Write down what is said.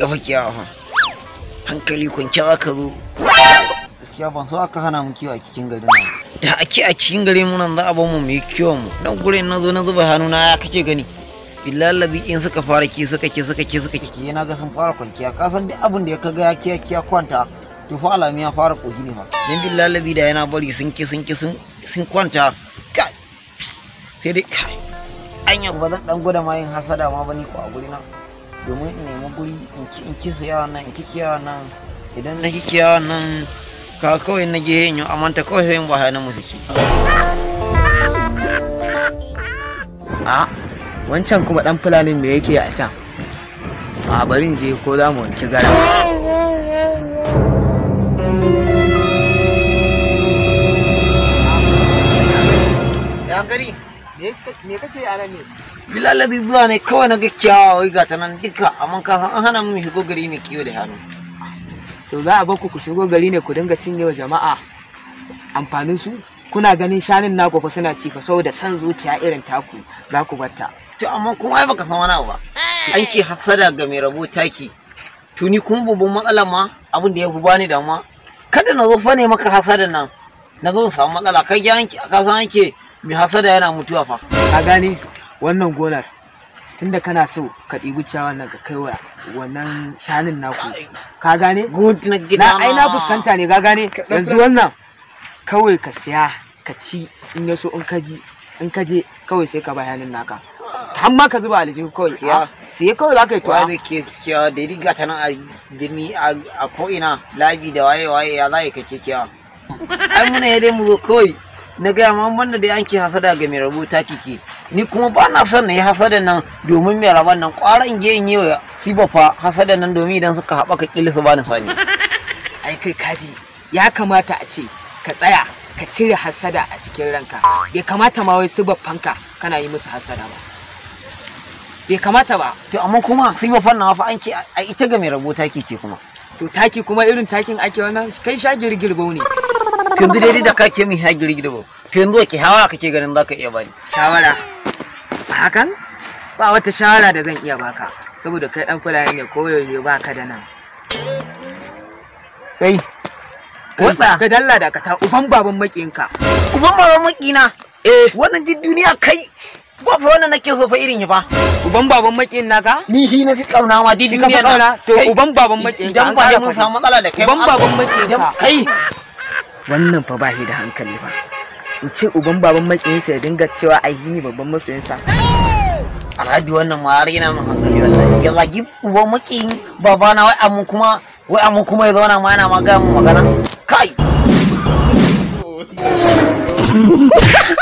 gaba kiyawa fa hankali kwanciya za ka zo gaskiya ban so aka hana mu kiwo a cikin gari nan da ake a cikin gari mu nan za a bamu mu yi kiwon mu dan gurin na zo na zuba hannu na ya kace gani billahi lazi in suka fara ki suka ke suka ke suka ke yana ga sun fara kwanciya ka san duk abin da ya kaga ya kiya kiya kwanta to fa alamiya ya fara kogi ne fa dan billahi lazi da yana bari sun ke sun ke sun sun kwanta sai dai kai anya ba zan dan gwada ma yin hasada ma bane ko a na? domin in nemi guri in kisa yawan nan in kiki yawan nan idan na kiki yawan nan ka kawai na je yin amanta kawai sai yin ba hana mu suke a wancan kuma dan fulani me yake a can a barin je ko za mu wanke gara gari me kake zuwa ne kawai na ga kyawawa ga ta nan duka amma ka san an hana mu shigo gari mai kiwo da hannu to za a ku ku shigo gari ne ku dinga cinye wa jama'a amfanin su kuna ganin shanun na fa suna ci fa saboda san zuciya irin taku za ku batta to amma kuma ai baka san wani abu ba an ke hasada ga mai rabo taki tuni kuma babban matsala ma abin da ya fi bani damuwa kada na zo fa ne maka hasada nan na zo samu matsala kai ga ka san ke mai hasada yana mutuwa fa a gani wannan gonar tunda kana so ka ɗibi ciyawan nan ka kai wa wannan shanin naku ka gane na ai na fuskanta ne ka gane yanzu wannan kawai ka siya ka ci in ya so in ka ji in ka je kawai sai ka bayanin naka har ma ka zuba alijin kawai siya ah. siya kawai za ka yi tuwa ke kiyawa da riga ta nan a birni a ko'ina labi da waye waye ya za ka ke kiyawa ai muna ya dai mu zo kawai na gaya ma wanda dai an ke hasada ga mai rabo ta kike ni kuma ba na son na yi hasada nan domin mai rabon nan ƙwara in je in yi wa fa hasada nan domin idan suka haɓaka ƙili su ba ni sani. ai kai kaji ya kamata a ce ka tsaya ka cire hasada a cikin ranka bai kamata ma wai su ka kana yi musu hasada ba bai kamata ba to amma kuma sai babban na fa an ke a ita ga mai rabo taki ke kuma to taki kuma irin takin ake wannan kai sha girgirbau ne yanzu dai da kake min ya girgire ba to yanzu ki hawa kake ganin zaka iya bani shawara hakan ba wata shawara da zan iya baka saboda kai dan kula ne koyoyo baka da nan kai Wata ka dalla da ka ta uban baban makiyinka uban baban makina eh wannan di duniya kai ba fa wannan nake so fa irin yi fa uban baban makin naka ni shi na fi kauna ma di duniya na to uban baban makin idan ba mun samu matsala da kai uban baban makin kai wannan fa shi da hankali ba in ce uban baban makiyinsa ya dinga cewa ai shi ne babban masoyinsa a radio wannan ma har yana mun hankali wallahi ya zagi uban makiyin babana wai amma kuma wai amma kuma ya zauna ma yana ma ga mu magana kai